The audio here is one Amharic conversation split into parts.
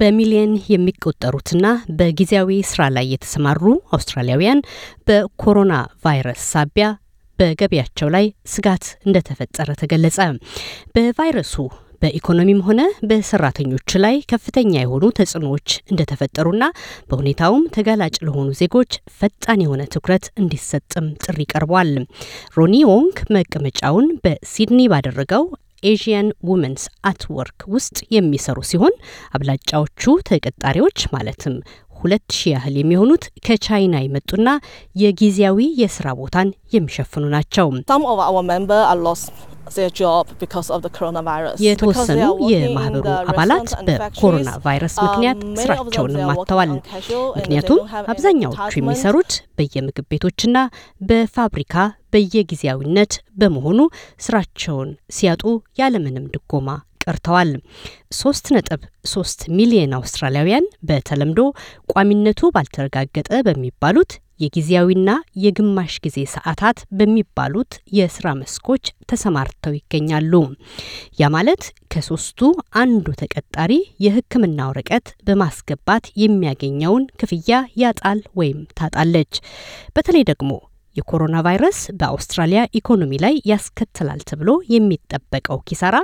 በሚሊየን የሚቆጠሩትና በጊዜያዊ ስራ ላይ የተሰማሩ አውስትራሊያውያን በኮሮና ቫይረስ ሳቢያ በገቢያቸው ላይ ስጋት እንደተፈጠረ ተገለጸ። በቫይረሱ በኢኮኖሚም ሆነ በሰራተኞች ላይ ከፍተኛ የሆኑ ተጽዕኖዎች እንደተፈጠሩና በሁኔታውም ተጋላጭ ለሆኑ ዜጎች ፈጣን የሆነ ትኩረት እንዲሰጥም ጥሪ ቀርቧል። ሮኒ ዎንግ መቀመጫውን በሲድኒ ባደረገው ኤዥያን ውመንስ አትወርክ ውስጥ የሚሰሩ ሲሆን አብላጫዎቹ ተቀጣሪዎች ማለትም ሁለት ሺህ ያህል የሚሆኑት ከቻይና የመጡና የጊዜያዊ የስራ ቦታን የሚሸፍኑ ናቸው። የተወሰኑ የማህበሩ አባላት በኮሮና ቫይረስ um, ምክንያት ስራቸውንም አጥተዋል። ምክንያቱም አብዛኛዎቹ የሚሰሩት በየምግብ ቤቶችና በፋብሪካ በየጊዜያዊነት በመሆኑ ስራቸውን ሲያጡ ያለምንም ድጎማ ቀርተዋል። ሶስት ነጥብ ሶስት ሚሊዮን አውስትራሊያውያን በተለምዶ ቋሚነቱ ባልተረጋገጠ በሚባሉት የጊዜያዊና የግማሽ ጊዜ ሰዓታት በሚባሉት የስራ መስኮች ተሰማርተው ይገኛሉ። ያ ማለት ከሶስቱ አንዱ ተቀጣሪ የሕክምና ወረቀት በማስገባት የሚያገኘውን ክፍያ ያጣል ወይም ታጣለች። በተለይ ደግሞ የኮሮና ቫይረስ በአውስትራሊያ ኢኮኖሚ ላይ ያስከትላል ተብሎ የሚጠበቀው ኪሳራ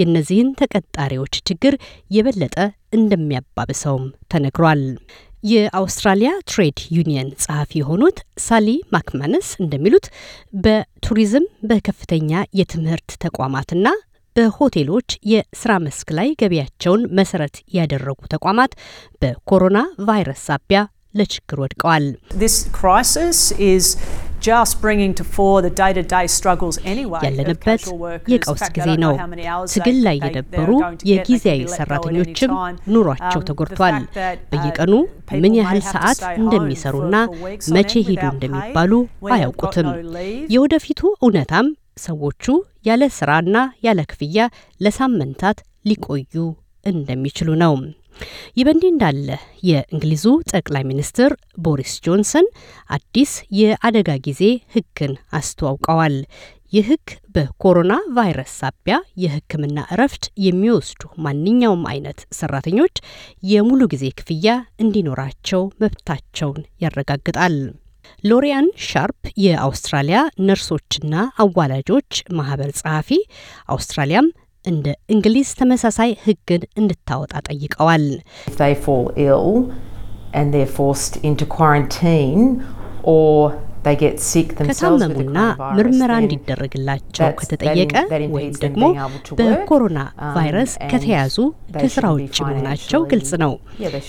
የእነዚህን ተቀጣሪዎች ችግር የበለጠ እንደሚያባብሰውም ተነግሯል። የአውስትራሊያ ትሬድ ዩኒየን ጸሐፊ የሆኑት ሳሊ ማክማነስ እንደሚሉት በቱሪዝም በከፍተኛ የትምህርት ተቋማትና በሆቴሎች የስራ መስክ ላይ ገቢያቸውን መሰረት ያደረጉ ተቋማት በኮሮና ቫይረስ ሳቢያ ለችግር ወድቀዋል። ያለንበት የቀውስ ጊዜ ነው። ትግል ላይ የነበሩ የጊዜያዊ ሰራተኞችም um, ኑሯቸው ተጎድቷል። uh, በየቀኑ ምን ያህል ሰዓት እንደሚሰሩና መቼ ሄዱ እንደሚባሉ አያውቁትም። የወደፊቱ እውነታም ሰዎቹ ያለ ስራና ያለ ክፍያ ለሳምንታት ሊቆዩ እንደሚችሉ ነው። ይህ በእንዲህ እንዳለ የእንግሊዙ ጠቅላይ ሚኒስትር ቦሪስ ጆንሰን አዲስ የአደጋ ጊዜ ህግን አስተዋውቀዋል። ይህ በኮሮና ቫይረስ ሳቢያ የህክምና እረፍት የሚወስዱ ማንኛውም አይነት ሰራተኞች የሙሉ ጊዜ ክፍያ እንዲኖራቸው መብታቸውን ያረጋግጣል። ሎሪያን ሻርፕ የአውስትራሊያ ነርሶችና አዋላጆች ማህበር ጸሐፊ፣ አውስትራሊያም እንደ እንግሊዝ ተመሳሳይ ሕግን እንድታወጣ ጠይቀዋል። ከታመሙና ምርመራ እንዲደረግላቸው ከተጠየቀ ወይም ደግሞ በኮሮና um, ቫይረስ ከተያዙ ከስራ ውጭ መሆናቸው ግልጽ ነው።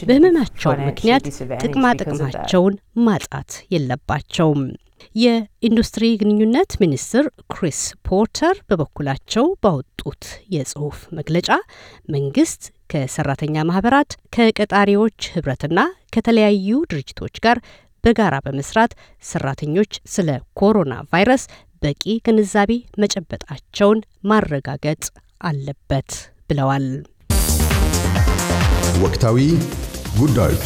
በህመማቸው ምክንያት ጥቅማጥቅማቸውን ማጣት የለባቸውም። የኢንዱስትሪ ግንኙነት ሚኒስትር ክሪስ ፖርተር በበኩላቸው ባወጡት የጽሁፍ መግለጫ መንግስት ከሰራተኛ ማህበራት ከቀጣሪዎች ህብረትና ከተለያዩ ድርጅቶች ጋር በጋራ በመስራት ሰራተኞች ስለ ኮሮና ቫይረስ በቂ ግንዛቤ መጨበጣቸውን ማረጋገጥ አለበት ብለዋል። ወቅታዊ ጉዳዮች